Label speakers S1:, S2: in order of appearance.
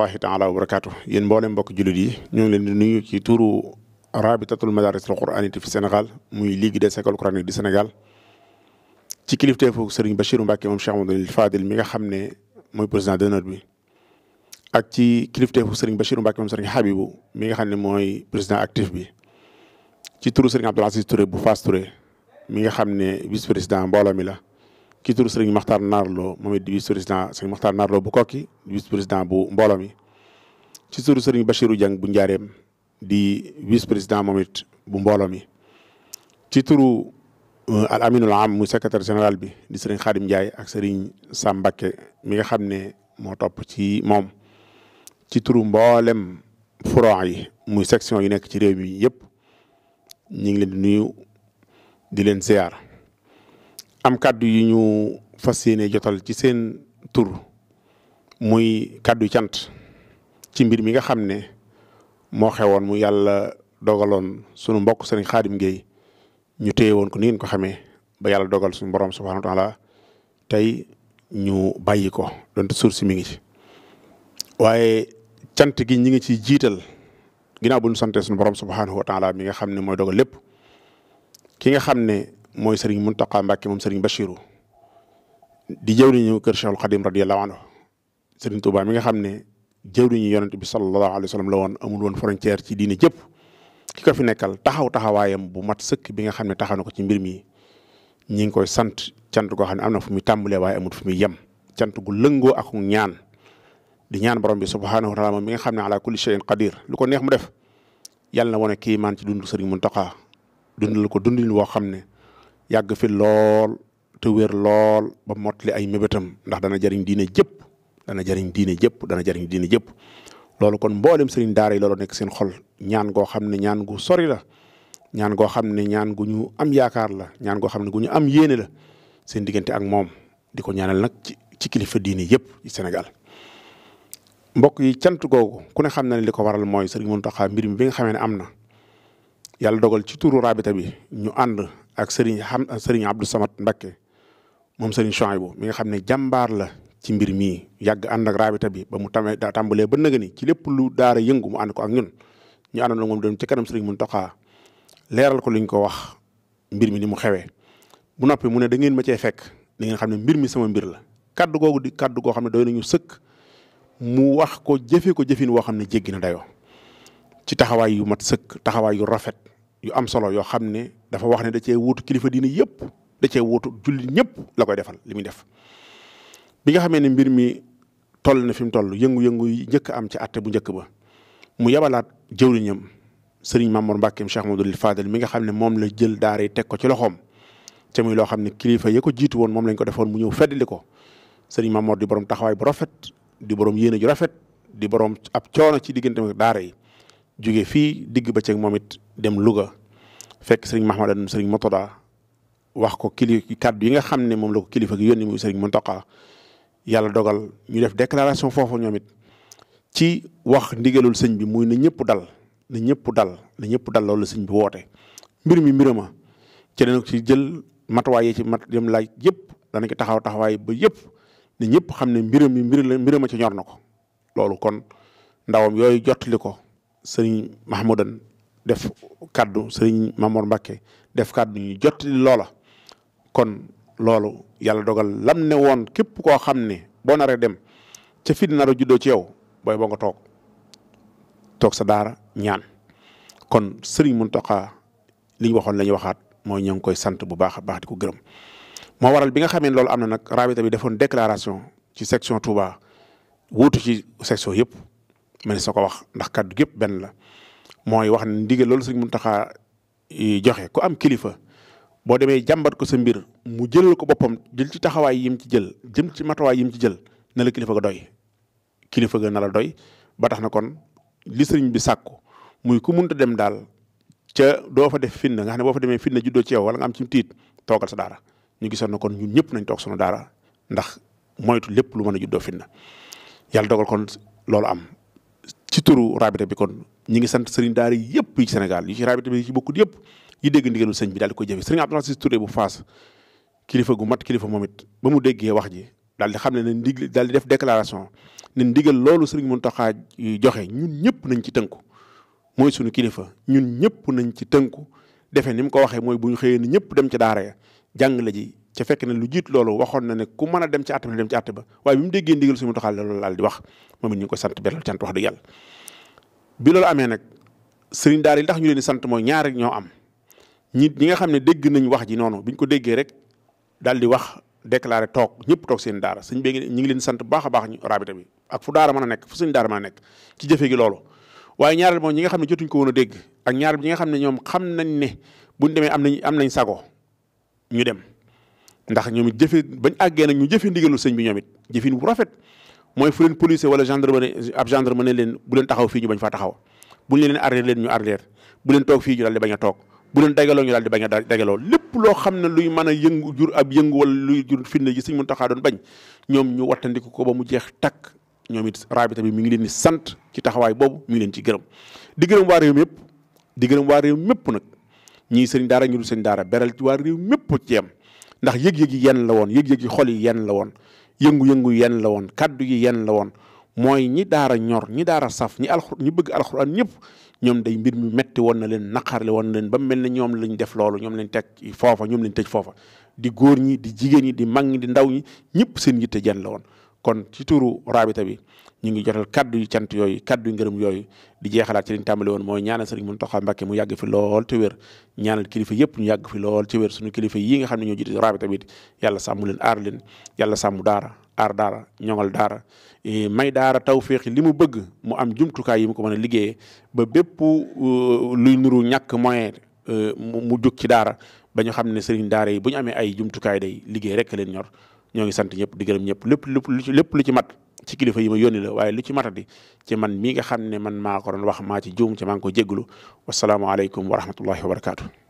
S1: wallaahi taala wa barakaatu yéen mboolem mbokk jullit yi ñu ngi leen di nuyu ci turu rabitatul madaris al quraaniyati fi Sénégal muy ligue des écoles coraniques du Sénégal ci Serigne Bachirou Mbacke moom Cheikh Amadou Fadil mi nga xam ne mooy président d'honneur bi ak ci kilifteefu Serigne Bachirou Mbacke moom Serigne Habibou mi nga xam ne mooy président actif bi ci turu Serigne Abdoul Aziz bu Fass Touré mi nga xam ne vice président mbooloo mi la ki turu sëriñ Maxtaar Naarloo moom it di vice président sëriñ Maxtaar Naarloo bu kokki di vice président bu mbooloo mi ci turu sëriñ Bachirou Dieng bu njaareem di vice président moom bu mbooloo mi ci turu euh, al aminul am muy secrétaire général bi di sëriñ Xaadim Ndiaye ak sëriñ Sam Mbakke mi nga xam ne moo topp ci moom ci turu mboolem furon yi muy section yi nekk ci réew mi yëpp ñu ngi leen di nuyu di leen ziar. am kàddu yu ñu fas yéene jotal ci seen tur muy kàddu cant ci mbir mi nga xam ne moo xewoon mu yàlla dogaloon sunu mbokk sëriñ Xaadim Gueye ñu téye woon ko ni ngeen ko xamee ba yàlla dogal suñu borom subhaanahu wa taala tey ñu bàyyi ko donte suur si mi ngi ci waaye cant gi ñi ngi ci jiital ginnaaw bu suñu borom subhaanahu mi nga xam ne mooy dogal lépp ki nga xam ne mooy sëriñ Muntaqa Mbàkke moom sëriñ Bachiru di jëwriñu kër Cheikhul Xadim radiyallahu anhu sëriñ Touba mi nga xam ne jëwriñu yonent bi sallallahu alayhi wa sallam la woon amul woon frontière ci diine jëpp ki fi nekkal taxaw taxawaayam bu mat sëkk bi nga xam ne taxaw na ko ci mbir mi ñi ngi koy sant cant goo xam ne am na fu muy tàmbalee waaye amul fu muy yem cant gu lëngoo ak ñaan di ñaan borom bi subhaanahu wa moom mi nga xam ne ala kulli shay'in qadir lu ko neex mu def yàlla na wane kiimaan ci dundu sëriñ Muntaqa dundal ko dundin woo xam ne yàgg fi lool te wér lool ba mottali ay mébétam ndax dana jariñ diine jëpp dana jariñ diine jëpp dana jëriñ diine jëpp loolu kon mboolem sëriñ daara yi nekk seen xol ñaan goo xam ne ñaan gu sori la ñaan goo xam ne ñaan gu ñu am yaakaar la ñaan goo xam ne gu ñu am yéene la seen diggante ak moom di ko ñaanal nag ci ci kilifa diine yëpp ci Sénégal mbokk yi cant googu ku ne xam na ne li ko waral mooy sëriñ Mountakha mbir mi bi nga xamee ne am na yàlla dogal ci turu rabita bi ñu ànd ak sëriñ xam sëriñ Abdou Samad Mbakke moom sëriñ Chouaïbou mi nga xam ne jàmbaar la ci mbir mii yàgg ànd ak raabita bi ba mu tamee daa tàmbalee ba nëgëni ci lépp lu daara yëngu mu ànd ko ak ñun ñu àndoon moom doon ci kanam sëriñ Mountakha leeral ko liñ ko wax mbir mi ni mu xewee bu noppi mu ne da ngeen ma cee fekk da ngeen xam ne mbir mi sama mbir la kaddu googu di kaddu goo xam ne doy nañu sëkk mu wax ko jëfe ko jëfin woo xam ne jéggi na dayoo ci taxawaay yu mat sëkk taxawaay yu rafet yu am solo yoo xam ne dafa wax ne da cee wuutu kilifa diine yëpp da cee wuutu julli ñëpp la koy defal li muy def bi nga xamee ne mbir mi tol na fi mu toll yëngu-yëngu yi njëkk am ci atte bu njëkk ba mu yabalaat jëwriñam sëriñ Mamour Mbackeem Cheikh Mamadou Fadel mi nga xam ne moom la jël daara yi teg ko ci loxoom te muy loo xam ne kilifa ya ko jiitu woon moom lañ ko defoon mu ñëw feddali ko sëriñ Mamour di borom taxawaay bu rafet di borom yéene ju rafet di borom ab coono ci diggante daara yi jóge fii digg ba ceeg moom dem Louga fekk sëriñ Mahmadan sëriñ Motoda wax ko kili kàddu yi nga xam ne moom la ko kilifa gi yónni muy sëriñ Mountakha yàlla dogal ñu def déclaration foofu ñoom ci wax ndigalul sëñ bi muy na ñëpp dal na ñëpp dal na ñëpp dal loolu sëñ bi woote. mbir mi mbirama ci dana ci jël matuwaay yi ci mat dem laaj yëpp dana ci taxaw taxawaay ba yëpp na ñëpp xam ne mbiram mi mbir la mbirama ci ñor na ko loolu kon ndawam yooyu jottali ko. sëriñ Mahmoudan def kaddu sëriñ Mamoor Mbàkke def kaddu ñu jot loola kon loolu yàlla dogal lam ne woon képp koo xam ne boo naree dem ca fit nara juddoo ci yow booy boo nga toog toog sa daara ñaan kon sëriñ Muntaxa li ñu waxoon la ñuy waxaat mooy ñoo ngi koy sant bu baax a baax di ko gërëm moo waral bi nga xamee loolu am na nag rabita bi defoon déclaration ci section Touba wuutu ci section yëpp man sa ko wax ndax kaddu gépp benn la mooy wax ne ndigal loolu sëñ Muntaxa eh, joxe ku am kilifa boo demee jàmbat ko sa mbir mu jëlal ko boppam jël ci taxawaay yim ci jël jëm ci matuwaay yim ci jël na la kilifa ga doy kilifa ga na la doy ba tax na kon li sëriñ bi sàkku muy ku munta dem daal ca doo fa def fitna nga xam ne boo fa demee fitna juddoo ci yow wala am ci tiit toogal sa daara ñu gisoon na kon ñun ñëpp nañ toog sunu daara ndax moytu lépp lu mën a juddoo fitna yàlla dogal kon loolu am ci turu rabita bi kon ñi ngi sant sëriñ daara yëpp yi Sénégal yi ci rabita bi si bokkut yëpp yi dégg ndigalu sëñ bi daal di koy jëfe sëriñ Abdoulaye Ciss Touré bu Faas kilifa gu mat kilifa moom ba mu déggee wax ji daal di xam ne ne ndig daal di def déclaration ne ndigal loolu sëriñ Mountakha joxe ñun ñëpp nañ ci tënku mooy sunu kilifa ñun ñëpp nañ ci tënku defe ni mu ko waxee mooy bu ñu xëyee ni ñëpp dem ci daara ya la ji ca fekk ne lu jiit loolu waxoon na ne ku mën a dem ci àtt bi dem ci àtt ba waaye bi mu déggee ndigal suñu taxal loolu laal di wax moom it ko sant beral cant wax dëgg bi loolu amee nag sëriñ daara yi tax ñu leen di sant mooy ñaar rek ñoo am ñi ñi nga xam ne dégg nañ wax ji noonu biñ ko déggee rek daal di wax déclaré toog ñëpp toog seen daara sëñ bi ñu ngi leen sant baax a baax ñu rabita bi ak fu daara mën a nekk fu sëñ daara mën a nekk ci jëfe gi loolu waaye ñaareel moom ñi nga xam ne jotuñ ko woon a dégg a ñaar bi ñi xam ne ñoom xam nañ ne buñ demee am nañ am nañ sago ñu dem ndax ñoom it jëfe bañ àggee nag ñu jëfe ndigalul sëñ bi ñoom jëfin bu rafet mooy fu leen police wala gendarme ab gendarme ne leen bu leen taxaw fii ñu bañ faa taxaw bu leen arrière leen ñu arrière bu leen toog fii ñu daal di bañ a toog bu leen dagaloo ñu daal di bañ a dagaloo lépp loo xam ne luy mën a yëngu jur ab yëngu wala luy jur fitna siñ sëñ taxaa doon bañ ñoom ñu wattandiku ko ba mu jeex takk ñoomit it rabita bi mi ngi leen di sant ci taxawaay boobu mi ngi leen ci gërëm di gërëm waa réew mépp di gërëm waa réew mépp nag ñii sëñ daara ñu du sëñ daara beral ci waa réew mépp ci yem ndax yëg-yëg yi yenn la woon yëg-yëg yi xol yi yenn la woon yëngu-yëngu yenn la woon kaddu yi yenn la woon mooy ñi daara ñor ñi daara saf ñi alxur ñi bëgg alxuraan ñëpp ñoom day mbir mi metti woon na leen naqarle woon na leen ba mel ne ñoom lañ def loolu ñoom lañ teg foofa ñoom lañ tëj foofa di góor ñi di jigéen ñi di mag ñi di ndaw ñi ñëpp seen yitte jenn la woon kon ci turu rabita bi ñu ngi jotal kaddu yu cant yooyu kaddu yu ngërëm yooyu di jeexalaat ci liñ tàmbali woon mooy ñaanal sëriñ Muntaxa Mbàkke mu yàgg fi lool te weer ñaanal kilifa yëpp ñu yàgg fi lool te wér suñu kilifa yi nga xam ne ñoo jiite rabita bi yàlla sàmm leen aar leen yàlla sàmm daara aar daara ñoŋal daara e, may daara taw tawféex li mu bëgg mu am jumtukaay yi mu ko mën a liggéeyee ba bépp e, luy nuru ñàkk moyen e, mu jóg ci daara ba ñu xam ne sëriñ daara yi bu ñu amee ay jumtukaay day liggéey rek leen ñor ñoo ngi sant ñëpp di gërëm ñëpp lépp lépp lu ci lépp lu ci mat ci kilifa yi ma yónni la waaye lu ci matati ci man mii nga xam ne man maa ko doon wax maa ci juum ci maa ngi ko jégalu wasalaamaaleykum wa rahmatullahi wa barakaatu.